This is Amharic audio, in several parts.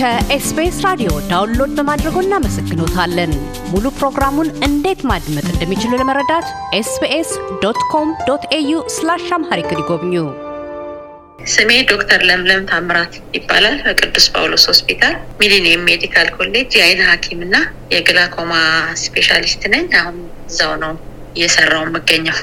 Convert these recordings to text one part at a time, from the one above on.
ከኤስቢኤስ ራዲዮ ዳውንሎድ በማድረጎ እናመሰግኖታለን። ሙሉ ፕሮግራሙን እንዴት ማድመጥ እንደሚችሉ ለመረዳት ኤስቢኤስ ዶት ኮም ዶት ኤዩ ስላሽ አምሃሪክ ይጎብኙ። ስሜ ዶክተር ለምለም ታምራት ይባላል። በቅዱስ ጳውሎስ ሆስፒታል ሚሊኒየም ሜዲካል ኮሌጅ የአይን ሀኪም እና የግላኮማ ስፔሻሊስት ነኝ። አሁን እዛው ነው እየሰራው የምገኘው።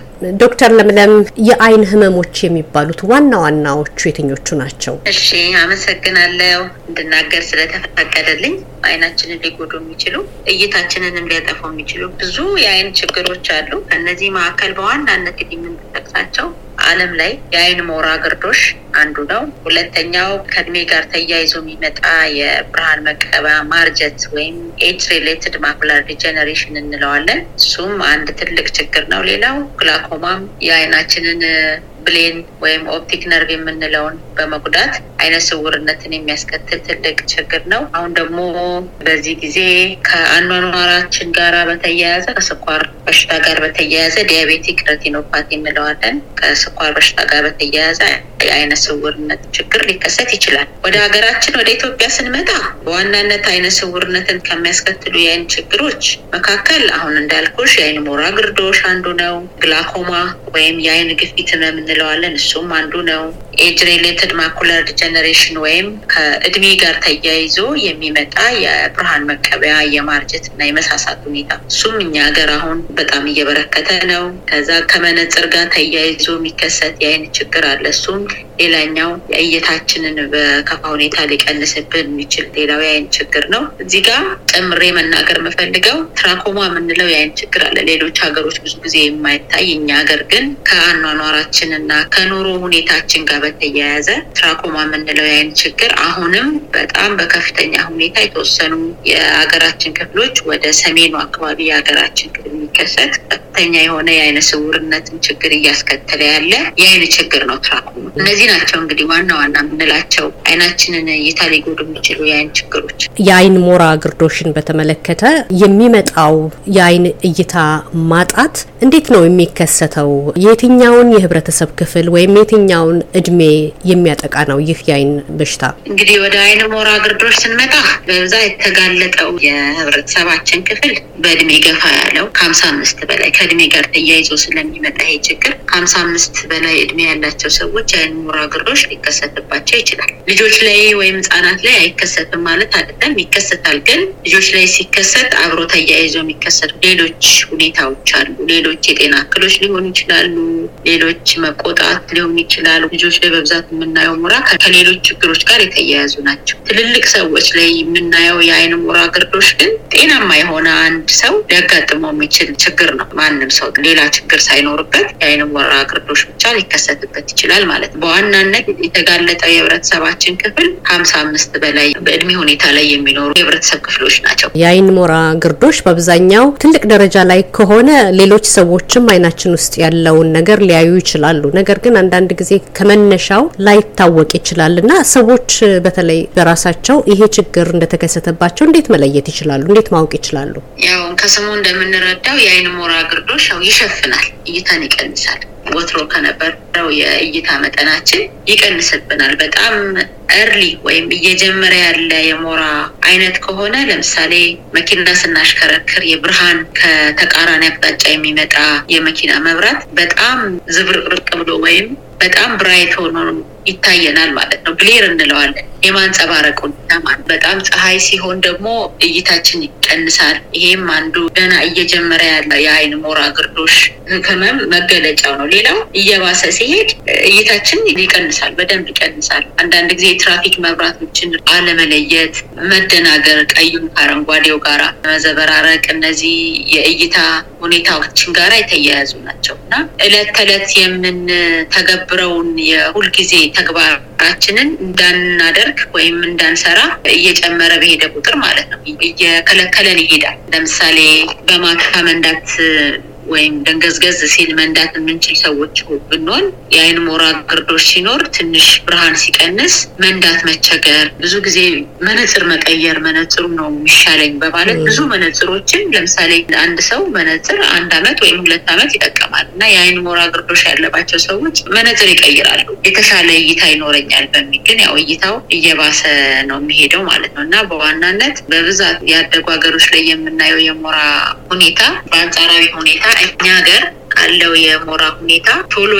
ዶክተር ለምለም የአይን ህመሞች የሚባሉት ዋና ዋናዎቹ የትኞቹ ናቸው? እሺ አመሰግናለሁ እንድናገር ስለተፈቀደልኝ። አይናችንን ሊጎዱ የሚችሉ እይታችንንም ሊያጠፉ የሚችሉ ብዙ የአይን ችግሮች አሉ። ከእነዚህ መካከል በዋናነት የምንጠቅሳቸው ዓለም ላይ የአይን ሞራ ግርዶሽ አንዱ ነው። ሁለተኛው ከእድሜ ጋር ተያይዞ የሚመጣ የብርሃን መቀበያ ማርጀት ወይም ኤጅ ሪሌትድ ማኩላር ዲጀነሬሽን እንለዋለን። እሱም አንድ ትልቅ ችግር ነው። ሌላው ግላኮማም የአይናችንን ብሌን ወይም ኦፕቲክ ነርቭ የምንለውን በመጉዳት አይነ ስውርነትን የሚያስከትል ትልቅ ችግር ነው። አሁን ደግሞ በዚህ ጊዜ ከአኗኗራችን ጋራ በተያያዘ ከስኳር በሽታ ጋር በተያያዘ ዲያቤቲክ ረቲኖፓት እንለዋለን። ከስኳር በሽታ ጋር በተያያዘ የአይነ ስውርነት ችግር ሊከሰት ይችላል። ወደ ሀገራችን ወደ ኢትዮጵያ ስንመጣ በዋናነት አይነ ስውርነትን ከሚያስከትሉ የአይን ችግሮች መካከል አሁን እንዳልኩሽ የአይን ሞራ ግርዶሽ አንዱ ነው። ግላኮማ ወይም የአይን ግፊት ነው የምንለዋለን፣ እሱም አንዱ ነው። ኤጅ ሪሌትድ ማኩለር ዲጀነሬሽን ወይም ከእድሜ ጋር ተያይዞ የሚመጣ የብርሃን መቀበያ የማርጀት እና የመሳሳት ሁኔታ እሱም እኛ ሀገር አሁን በጣም እየበረከተ ነው። ከዛ ከመነጽር ጋር ተያይዞ የሚከሰት የአይን ችግር አለ። እሱም ሌላኛው የእይታችንን በከፋ ሁኔታ ሊቀንስብን የሚችል ሌላው የአይን ችግር ነው። እዚህ ጋር ጨምሬ መናገር የምፈልገው ትራኮማ የምንለው የአይን ችግር አለ። ሌሎች ሀገሮች ብዙ ጊዜ የማይታይ እኛ ሀገር ግን ከአኗኗራችን እና ከኑሮ ሁኔታችን ጋር በተያያዘ ትራኮማ የምንለው የአይን ችግር አሁንም በጣም በከፍተኛ ሁኔታ የተወሰኑ የሀገራችን ክፍሎች ወደ ሰሜኑ አካባቢ የሀገራችን ክፍል የሚከሰት ከፍተኛ የሆነ የአይነ ስውርነትን ችግር እያስከተለ ያለ የአይን ችግር ነው ትራኮማ። እነዚህ ናቸው እንግዲህ ዋና ዋና የምንላቸው አይናችንን እይታ ሊጎዱ የሚችሉ የአይን ችግሮች። የአይን ሞራ ግርዶሽን በተመለከተ የሚመጣው የአይን እይታ ማጣት እንዴት ነው የሚከሰተው? የትኛውን የህብረተሰብ ክፍል ወይም የትኛውን እድሜ የሚያጠቃ ነው ይህ የአይን በሽታ? እንግዲህ ወደ አይን ሞራ ግርዶሽ ስንመጣ በብዛ የተጋለጠው የህብረተሰባችን ክፍል በእድሜ ገፋ ያለው ከሀምሳ አምስት በላይ ከእድሜ ጋር ተያይዞ ስለሚመጣ ይህ ችግር ከሀምሳ አምስት በላይ እድሜ ያላቸው ሰዎች የአይን ሞራ ግርዶሽ ሊከሰትባቸው ይችላል። ልጆች ላይ ወይም ህጻናት ላይ አይከሰትም ማለት አይደለም፣ ይከሰታል። ግን ልጆች ላይ ሲከሰት አብሮ ተያይዞ የሚከሰቱ ሌሎች ሁኔታዎች አሉ። ሌሎች የጤና እክሎች ሊሆኑ ይችላሉ። ሌሎች መቆጣት ሊሆን ይችላሉ። ልጆች ላይ በብዛት የምናየው ሞራ ከሌሎች ችግሮች ጋር የተያያዙ ናቸው። ትልልቅ ሰዎች ላይ የምናየው የአይን ሞራ ግርዶች ግን ጤናማ የሆነ አንድ ሰው ሊያጋጥመው የሚችል ችግር ነው። ማን ማንም ሰው ሌላ ችግር ሳይኖርበት የአይን ሞራ ግርዶሽ ብቻ ሊከሰትበት ይችላል ማለት ነው። በዋናነት የተጋለጠው የህብረተሰባችን ክፍል ከሀምሳ አምስት በላይ በእድሜ ሁኔታ ላይ የሚኖሩ የህብረተሰብ ክፍሎች ናቸው። የአይን ሞራ ግርዶሽ በአብዛኛው ትልቅ ደረጃ ላይ ከሆነ ሌሎች ሰዎችም አይናችን ውስጥ ያለውን ነገር ሊያዩ ይችላሉ። ነገር ግን አንዳንድ ጊዜ ከመነሻው ላይታወቅ ይችላል እና ሰዎች በተለይ በራሳቸው ይሄ ችግር እንደተከሰተባቸው እንዴት መለየት ይችላሉ? እንዴት ማወቅ ይችላሉ? ያው ከስሙ እንደምንረዳው የአይን ሞራ ግርዶሽ ግርዶሽ ያው ይሸፍናል፣ እይታን ይቀንሳል። ወትሮ ከነበረው የእይታ መጠናችን ይቀንስብናል። በጣም እርሊ ወይም እየጀመረ ያለ የሞራ አይነት ከሆነ ለምሳሌ መኪና ስናሽከረክር የብርሃን ከተቃራኒ አቅጣጫ የሚመጣ የመኪና መብራት በጣም ዝብርቅርቅ ብሎ ወይም በጣም ብራይት ሆኖ ይታየናል ማለት ነው። ብሌር እንለዋለን። የማንጸባረቅ ሁኔታ ማለት በጣም ፀሐይ ሲሆን ደግሞ እይታችን ይቀንሳል። ይሄም አንዱ ገና እየጀመረ ያለ የአይን ሞራ ግርዶሽ ህመም መገለጫው ነው። ሌላው እየባሰ ሲሄድ እይታችን ይቀንሳል፣ በደንብ ይቀንሳል። አንዳንድ ጊዜ የትራፊክ መብራቶችን አለመለየት፣ መደናገር፣ ቀዩም ከአረንጓዴው ጋራ መዘበራረቅ እነዚህ የእይታ ሁኔታዎችን ጋራ የተያያዙ ናቸው እና እለት ተዕለት የምንተገብ የሚያዳብረውን የሁልጊዜ ተግባራችንን እንዳናደርግ ወይም እንዳንሰራ እየጨመረ በሄደ ቁጥር ማለት ነው እየከለከለን ይሄዳል። ለምሳሌ በማታ መንዳት ወይም ደንገዝገዝ ሲል መንዳት የምንችል ሰዎች ብንሆን የአይን ሞራ ግርዶሽ ሲኖር ትንሽ ብርሃን ሲቀንስ መንዳት መቸገር፣ ብዙ ጊዜ መነጽር መቀየር መነጽሩ ነው የሚሻለኝ በማለት ብዙ መነጽሮችን ለምሳሌ አንድ ሰው መነጽር አንድ አመት ወይም ሁለት አመት ይጠቀማል እና የአይን ሞራ ግርዶሽ ያለባቸው ሰዎች መነጽር ይቀይራሉ። የተሻለ እይታ ይኖረኛል በሚል ግን ያው እይታው እየባሰ ነው የሚሄደው ማለት ነው እና በዋናነት በብዛት ያደጉ ሀገሮች ላይ የምናየው የሞራ ሁኔታ በአንጻራዊ ሁኔታ እኛ ሀገር አለው የሞራ ሁኔታ ቶሎ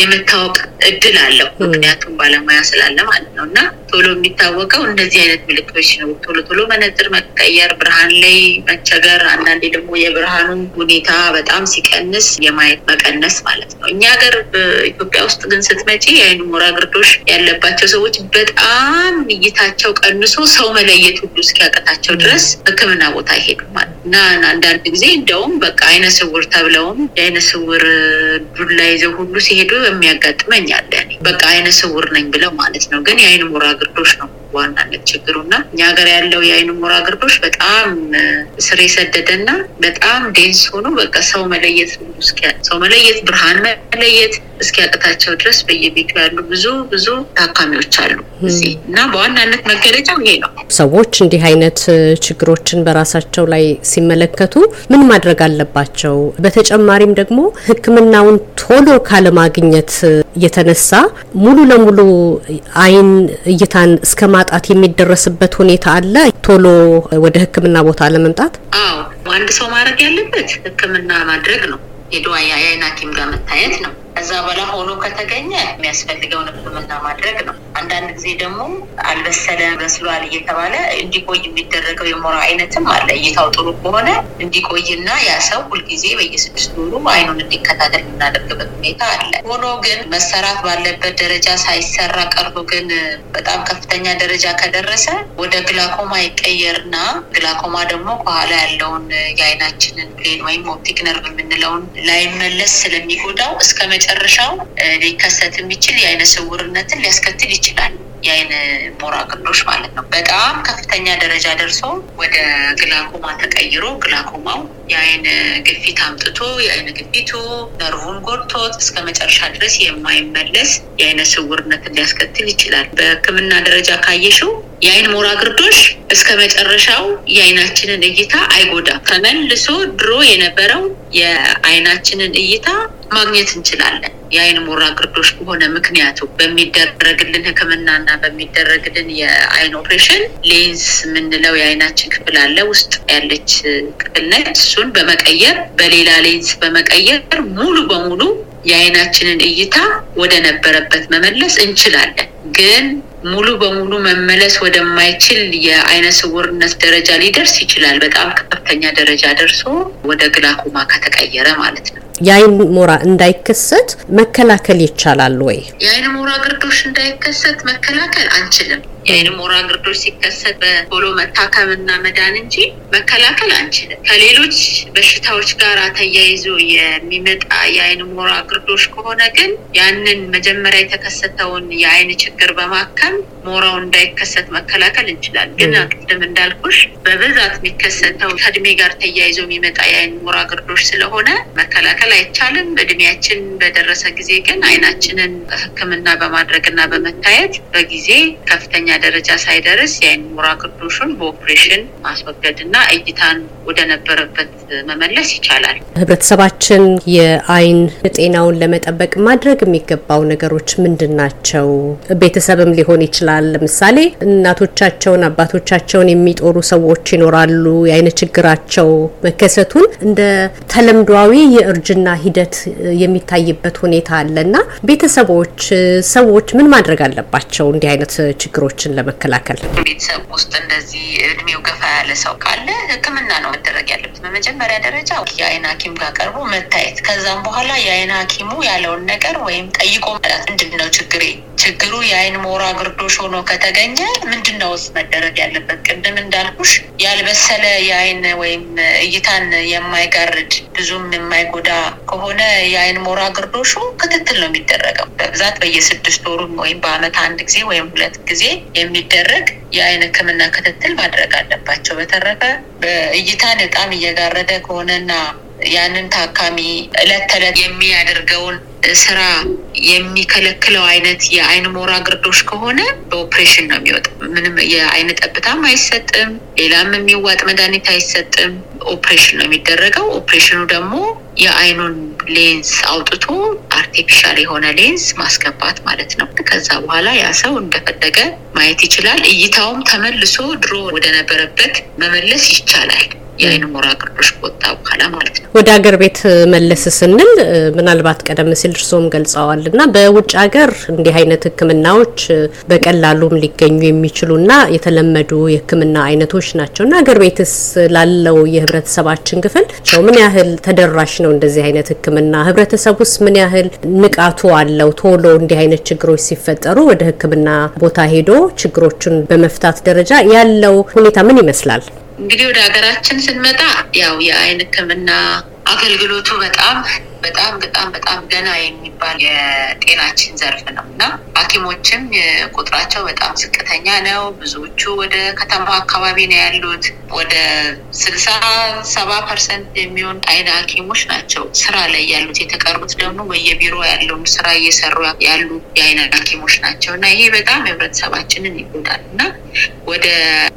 የመታወቅ እድል አለው፣ ምክንያቱም ባለሙያ ስላለ ማለት ነው እና ቶሎ የሚታወቀው እንደዚህ አይነት ምልክቶች ነው። ቶሎ ቶሎ መነጽር መቀየር፣ ብርሃን ላይ መቸገር፣ አንዳንዴ ደግሞ የብርሃኑ ሁኔታ በጣም ሲቀንስ የማየት መቀነስ ማለት ነው። እኛ ሀገር በኢትዮጵያ ውስጥ ግን ስትመጪ የአይን ሞራ ግርዶሽ ያለባቸው ሰዎች በጣም እይታቸው ቀንሶ ሰው መለየት ሁሉ እስኪያቀታቸው ድረስ ሕክምና ቦታ አይሄዱም ማለት እና አንዳንድ ጊዜ እንደውም በቃ አይነ ስውር ተብለውም የአይነ ስውር ዱላ ይዘው ሁሉ ሲሄዱ የሚያጋጥመኝ አለ። በቃ አይነ ስውር ነኝ ብለው ማለት ነው። ግን የአይን ሞራ ግርዶሽ ነው ዋናነት ችግሩ እና እኛ ሀገር ያለው የአይን ሞራ ግርዶሽ በጣም ስር የሰደደ እና በጣም ዴንስ ሆኖ በቃ ሰው መለየት ሰው መለየት ብርሃን መለየት እስኪያቅታቸው ድረስ በየቤቱ ያሉ ብዙ ብዙ ታካሚዎች አሉ እዚህ እና በዋናነት መገለጫው ይሄ ነው። ሰዎች እንዲህ አይነት ችግሮችን በራሳቸው ላይ ሲመለከቱ ምን ማድረግ አለባቸው? በተጨማሪም ደግሞ ሕክምናውን ቶሎ ካለማግኘት የተነሳ ሙሉ ለሙሉ አይን እይታን እስከ ማጣት የሚደረስበት ሁኔታ አለ። ቶሎ ወደ ሕክምና ቦታ ለመምጣት አንድ ሰው ማድረግ ያለበት ሕክምና ማድረግ ነው። ሄዶ የአይን ሐኪም ጋር መታየት ነው። ከዛ በላ ሆኖ ከተገኘ የሚያስፈልገውን ሕክምና ማድረግ ነው። አንዳንድ ጊዜ ደግሞ አልበሰለ በስሏል እየተባለ እንዲቆይ የሚደረገው የሞራ አይነትም አለ። እይታው ጥሩ ከሆነ እንዲቆይና ያ ሰው ሁልጊዜ በየስድስት ወሩ አይኑን እንዲከታተል የምናደርግበት ሁኔታ አለ። ሆኖ ግን መሰራት ባለበት ደረጃ ሳይሰራ ቀርቶ ግን በጣም ከፍተኛ ደረጃ ከደረሰ ወደ ግላኮማ ይቀየርና ግላኮማ ደግሞ ከኋላ ያለውን የአይናችንን ብሌን ወይም ኦፕቲክ ነርቭ የምንለውን ላይመለስ ስለሚጎዳው እስከ መጨረሻው ሊከሰት የሚችል የአይነ ስውርነትን ሊያስከትል ይችላል። የአይን ሞራ ግርዶሽ ማለት ነው። በጣም ከፍተኛ ደረጃ ደርሶ ወደ ግላኮማ ተቀይሮ ግላኮማው የአይን ግፊት አምጥቶ የአይን ግፊቱ ነርቭን ጎድቶት እስከ መጨረሻ ድረስ የማይመለስ የአይነ ስውርነትን ሊያስከትል ይችላል። በሕክምና ደረጃ ካየሽው የአይን ሞራ ግርዶሽ እስከ መጨረሻው የአይናችንን እይታ አይጎዳም። ተመልሶ ድሮ የነበረው የአይናችንን እይታ ማግኘት እንችላለን። የአይን ሞራ ግርዶሽ በሆነ ምክንያቱ በሚደረግልን ሕክምናና በሚደረግልን የአይን ኦፕሬሽን ሌንስ የምንለው የአይናችን ክፍል አለ ውስጥ ያለች ክፍል ነች። እሱን በመቀየር በሌላ ሌንስ በመቀየር ሙሉ በሙሉ የአይናችንን እይታ ወደ ነበረበት መመለስ እንችላለን ግን ሙሉ በሙሉ መመለስ ወደማይችል የአይነ ስውርነት ደረጃ ሊደርስ ይችላል። በጣም ከፍተኛ ደረጃ ደርሶ ወደ ግላኮማ ከተቀየረ ማለት ነው። የአይን ሞራ እንዳይከሰት መከላከል ይቻላል ወይ? የአይን ሞራ ግርዶሽ እንዳይከሰት መከላከል አንችልም። የአይን ሞራ ግርዶሽ ሲከሰት በቶሎ መታከምና መዳን እንጂ መከላከል አንችልም። ከሌሎች በሽታዎች ጋር ተያይዞ የሚመጣ የአይን ሞራ ግርዶሽ ከሆነ ግን ያንን መጀመሪያ የተከሰተውን የአይን ችግር በማከም ሞራው እንዳይከሰት መከላከል እንችላለን። ግን ቅድም እንዳልኩሽ በብዛት የሚከሰተው ከእድሜ ጋር ተያይዞ የሚመጣ የአይን ሞራ ግርዶሽ ስለሆነ መከላከል መከላከል አይቻልም። በእድሜያችን በደረሰ ጊዜ ግን አይናችንን ሕክምና በማድረግና በመታየት በጊዜ ከፍተኛ ደረጃ ሳይደርስ የአይን ሞራ ቅዱሹን በኦፕሬሽን ማስወገድና እይታን ወደ ነበረበት መመለስ ይቻላል። ህብረተሰባችን የአይን ጤናውን ለመጠበቅ ማድረግ የሚገባው ነገሮች ምንድን ናቸው? ቤተሰብም ሊሆን ይችላል። ለምሳሌ እናቶቻቸውን፣ አባቶቻቸውን የሚጦሩ ሰዎች ይኖራሉ። የአይነ ችግራቸው መከሰቱን እንደ ተለምዷዊ የእርጅና ሂደት የሚታይበት ሁኔታ አለ እና ቤተሰቦች፣ ሰዎች ምን ማድረግ አለባቸው እንዲህ አይነት ችግሮችን ለመከላከል? ቤተሰብ ውስጥ እንደዚህ እድሜው ገፋ ያለ ሰው ካለ ህክምና ነው መደረግ ያለበት። በመጀመሪያ ደረጃ የአይን ሀኪም ጋር ቀርቦ መታየት፣ ከዛም በኋላ የአይን ሀኪሙ ያለውን ነገር ወይም ጠይቆ መላት ምንድን ነው ችግሬ ችግሩ የአይን ሞራ ግርዶሽ ሆኖ ከተገኘ ምንድን ነው ውስጥ መደረግ ያለበት? ቅድም እንዳልኩሽ ያልበሰለ የአይን ወይም እይታን የማይጋርድ ብዙም የማይጎዳ ከሆነ የአይን ሞራ ግርዶሹ ክትትል ነው የሚደረገው። በብዛት በየስድስት ወሩም ወይም በአመት አንድ ጊዜ ወይም ሁለት ጊዜ የሚደረግ የአይን ሕክምና ክትትል ማድረግ አለባቸው። በተረፈ እይታን በጣም እየጋረደ ከሆነና ያንን ታካሚ እለት ተዕለት የሚያደርገውን ስራ የሚከለክለው አይነት የአይን ሞራ ግርዶሽ ከሆነ በኦፕሬሽን ነው የሚወጣ። ምንም የአይን ጠብታም አይሰጥም፣ ሌላም የሚዋጥ መድኃኒት አይሰጥም። ኦፕሬሽን ነው የሚደረገው። ኦፕሬሽኑ ደግሞ የአይኑን ሌንስ አውጥቶ አርቲፊሻል የሆነ ሌንስ ማስገባት ማለት ነው። ከዛ በኋላ ያ ሰው እንደፈለገ ማየት ይችላል። እይታውም ተመልሶ ድሮ ወደነበረበት መመለስ ይቻላል። የአይን ሞራ ግርዶሽ ቦታ በኋላ ማለት ነው። ወደ ሀገር ቤት መለስ ስንል ምናልባት ቀደም ሲል እርስዎም ገልጸዋል እና በውጭ ሀገር እንዲህ አይነት ሕክምናዎች በቀላሉም ሊገኙ የሚችሉና የተለመዱ የሕክምና አይነቶች ናቸው እና ሀገር ቤትስ ላለው የህብረተሰባችን ክፍል ሰው ምን ያህል ተደራሽ ነው እንደዚህ አይነት ሕክምና? ህብረተሰቡስ ምን ያህል ንቃቱ አለው? ቶሎ እንዲህ አይነት ችግሮች ሲፈጠሩ ወደ ሕክምና ቦታ ሄዶ ችግሮቹን በመፍታት ደረጃ ያለው ሁኔታ ምን ይመስላል? እንግዲህ ወደ ሀገራችን ስንመጣ ያው የአይን ሕክምና አገልግሎቱ በጣም በጣም በጣም በጣም ገና የሚባል የጤናችን ዘርፍ ነው እና ሐኪሞችም ቁጥራቸው በጣም ዝቅተኛ ነው። ብዙዎቹ ወደ ከተማ አካባቢ ነው ያሉት። ወደ ስልሳ ሰባ ፐርሰንት የሚሆን አይነ ሐኪሞች ናቸው ስራ ላይ ያሉት። የተቀሩት ደግሞ በየቢሮ ያለውን ስራ እየሰሩ ያሉ የአይነ ሐኪሞች ናቸው እና ይሄ በጣም ህብረተሰባችንን ይጎዳል እና ወደ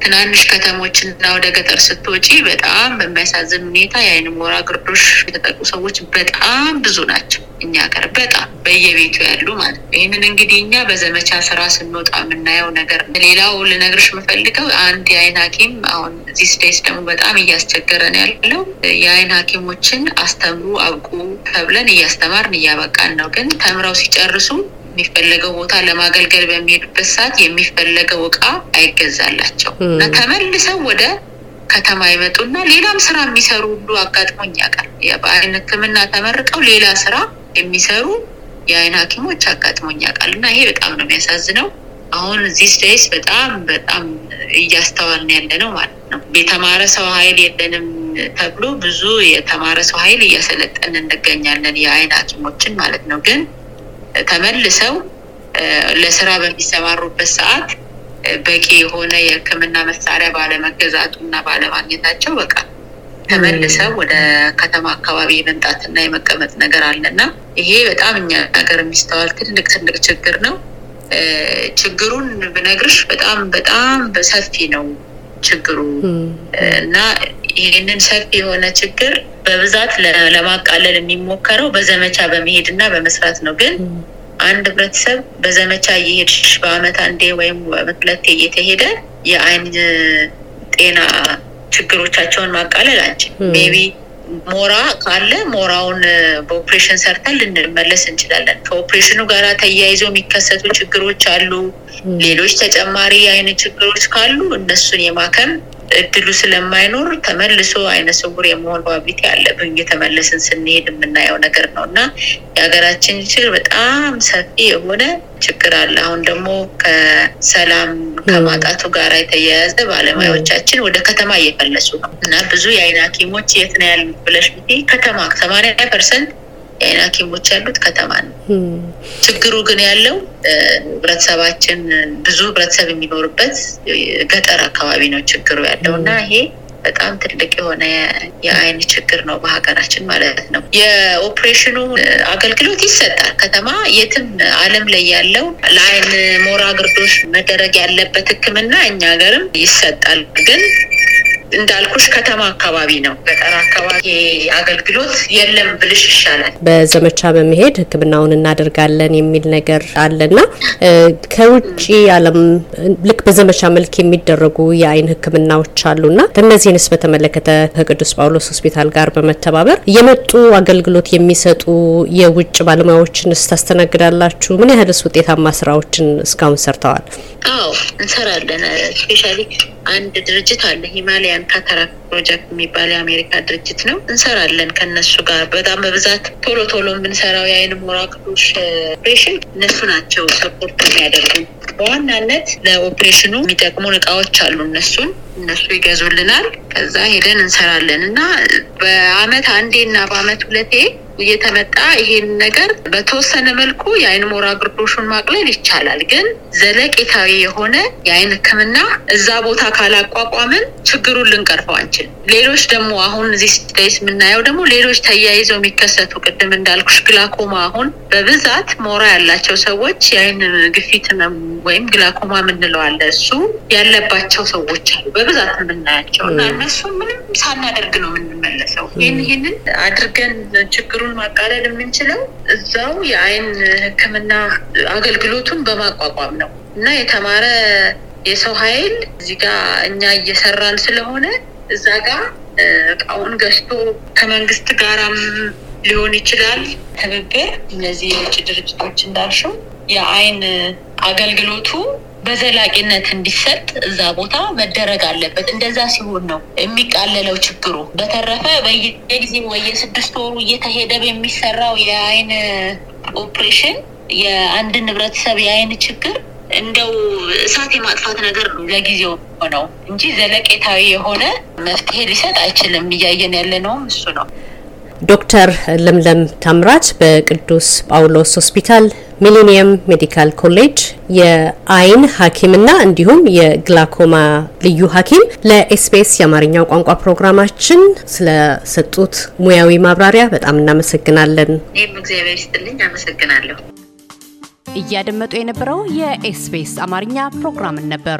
ትናንሽ ከተሞች እና ወደ ገጠር ስትወጪ በጣም በሚያሳዝን ሁኔታ የአይን ሞራ ግርዶ በብር የተጠቁ ሰዎች በጣም ብዙ ናቸው። እኛ ሀገር በጣም በየቤቱ ያሉ ማለት ነው። ይህንን እንግዲህ እኛ በዘመቻ ስራ ስንወጣ የምናየው ነገር። ሌላው ልነግርሽ የምፈልገው አንድ የአይን ሐኪም አሁን እዚህ ስፔስ ደግሞ በጣም እያስቸገረን ያለው። የአይን ሐኪሞችን አስተምሩ አብቁ ተብለን እያስተማርን እያበቃን ነው። ግን ተምረው ሲጨርሱ የሚፈለገው ቦታ ለማገልገል በሚሄዱበት ሰዓት የሚፈለገው እቃ አይገዛላቸው እና ተመልሰው ወደ ከተማ ይመጡና ሌላም ስራ የሚሰሩ ሁሉ አጋጥሞኝ ያውቃል። በአይን ህክምና ተመርቀው ሌላ ስራ የሚሰሩ የአይን ሐኪሞች አጋጥሞኝ ያውቃል። እና ይሄ በጣም ነው የሚያሳዝነው። አሁን ዚስ ደይስ በጣም በጣም እያስተዋልን ያለ ነው ማለት ነው። የተማረ ሰው ኃይል የለንም ተብሎ ብዙ የተማረ ሰው ኃይል እያሰለጠን እንገኛለን፣ የአይን ሐኪሞችን ማለት ነው። ግን ተመልሰው ለስራ በሚሰማሩበት ሰዓት በቂ የሆነ የሕክምና መሳሪያ ባለመገዛቱ እና ባለማግኘታቸው በቃ ተመልሰው ወደ ከተማ አካባቢ የመምጣትና የመቀመጥ ነገር አለና ይሄ በጣም እኛ ሀገር የሚስተዋል ትልቅ ትልቅ ችግር ነው። ችግሩን ብነግርሽ በጣም በጣም በሰፊ ነው ችግሩ እና ይህንን ሰፊ የሆነ ችግር በብዛት ለማቃለል የሚሞከረው በዘመቻ በመሄድ እና በመስራት ነው ግን አንድ ህብረተሰብ በዘመቻ እየሄድሽ በአመት አንዴ ወይም ሁለቴ እየተሄደ የአይን ጤና ችግሮቻቸውን ማቃለል አንቺ ሜቢ ሞራ ካለ ሞራውን በኦፕሬሽን ሰርተን ልንመለስ እንችላለን። ከኦፕሬሽኑ ጋር ተያይዞ የሚከሰቱ ችግሮች አሉ። ሌሎች ተጨማሪ የአይን ችግሮች ካሉ እነሱን የማከም እድሉ ስለማይኖር ተመልሶ አይነ ስውር የመሆን ባቢቲ ያለብን እየተመለስን ስንሄድ የምናየው ነገር ነው እና የሀገራችን ችግር በጣም ሰፊ የሆነ ችግር አለ። አሁን ደግሞ ከሰላም ከማጣቱ ጋር የተያያዘ ባለሙያዎቻችን ወደ ከተማ እየፈለሱ ነው እና ብዙ የአይን ሐኪሞች የት ነው ያሉት ብለሽ ከተማ ሰማንያ ፐርሰንት ሐኪሞች ያሉት ከተማ ነው። ችግሩ ግን ያለው ህብረተሰባችን ብዙ ህብረተሰብ የሚኖርበት ገጠር አካባቢ ነው ችግሩ ያለው እና ይሄ በጣም ትልቅ የሆነ የአይን ችግር ነው በሀገራችን ማለት ነው። የኦፕሬሽኑ አገልግሎት ይሰጣል። ከተማ የትም ዓለም ላይ ያለው ለአይን ሞራ ግርዶሽ መደረግ ያለበት ሕክምና እኛ ሀገርም ይሰጣል ግን እንዳልኩሽ ከተማ አካባቢ ነው። ገጠር አካባቢ አገልግሎት የለም ብልሽ ይሻላል። በዘመቻ በመሄድ ህክምናውን እናደርጋለን የሚል ነገር አለና ከውጭ ዓለም ልክ በዘመቻ መልክ የሚደረጉ የአይን ህክምናዎች አሉና ከእነዚህን ቫይረስ በተመለከተ ከቅዱስ ጳውሎስ ሆስፒታል ጋር በመተባበር የመጡ አገልግሎት የሚሰጡ የውጭ ባለሙያዎችን ስታስተናግዳላችሁ ምን ያህልስ ውጤታማ ስራዎችን እስካሁን ሰርተዋል? አዎ እንሰራለን። ስፔሻሊ አንድ ድርጅት አለ ሂማሊያን ካታራክት ፕሮጀክት የሚባል የአሜሪካ ድርጅት ነው። እንሰራለን ከነሱ ጋር በጣም በብዛት ቶሎ ቶሎ የምንሰራው የአይን ሞራ ኦፕሬሽን እነሱ ናቸው ሰፖርት የሚያደርጉ በዋናነት ለኦፕሬሽኑ የሚጠቅሙን እቃዎች አሉ። እነሱን እነሱ ይገዙልናል። እዛ ሄደን እንሰራለን እና በአመት አንዴና በአመት ሁለቴ እየተመጣ ይሄን ነገር በተወሰነ መልኩ የአይን ሞራ ግርዶሹን ማቅለል ይቻላል። ግን ዘለቄታዊ የሆነ የአይን ሕክምና እዛ ቦታ ካላቋቋምን ችግሩን ልንቀርፈው አንችልም። ሌሎች ደግሞ አሁን እዚህ ስዳይስ የምናየው ደግሞ ሌሎች ተያይዘው የሚከሰቱ ቅድም እንዳልኩሽ ግላኮማ፣ አሁን በብዛት ሞራ ያላቸው ሰዎች የአይን ግፊት ወይም ግላኮማ የምንለው አለ እሱ ያለባቸው ሰዎች አሉ በብዛት የምናያቸው እና እነሱ ምንም ሳናደርግ ነው የምንመለሰው። ይህን ይህንን አድርገን ችግሩን ማቃለል የምንችለው እዛው የአይን ሕክምና አገልግሎቱን በማቋቋም ነው እና የተማረ የሰው ኃይል እዚህ ጋ እኛ እየሰራን ስለሆነ እዛ ጋ እቃውን ገዝቶ ከመንግስት ጋራም ሊሆን ይችላል ትብብር እነዚህ የውጭ ድርጅቶች እንዳልሽው የአይን አገልግሎቱ በዘላቂነት እንዲሰጥ እዛ ቦታ መደረግ አለበት። እንደዛ ሲሆን ነው የሚቃለለው ችግሩ። በተረፈ በየጊዜው በየስድስት ወሩ እየተሄደ የሚሰራው የአይን ኦፕሬሽን የአንድ ህብረተሰብ የአይን ችግር እንደው እሳት የማጥፋት ነገር ለጊዜው ነው እንጂ ዘለቄታዊ የሆነ መፍትሄ ሊሰጥ አይችልም። እያየን ያለነውም እሱ ነው። ዶክተር ለምለም ታምራት በቅዱስ ጳውሎስ ሆስፒታል ሚሊኒየም ሜዲካል ኮሌጅ የአይን ሐኪምና እንዲሁም የግላኮማ ልዩ ሐኪም ለኤስቢኤስ የአማርኛው ቋንቋ ፕሮግራማችን ስለሰጡት ሙያዊ ማብራሪያ በጣም እናመሰግናለን። እኔም እግዚአብሔር አመሰግናለሁ። እያደመጡ የነበረው የኤስቢኤስ አማርኛ ፕሮግራምን ነበር።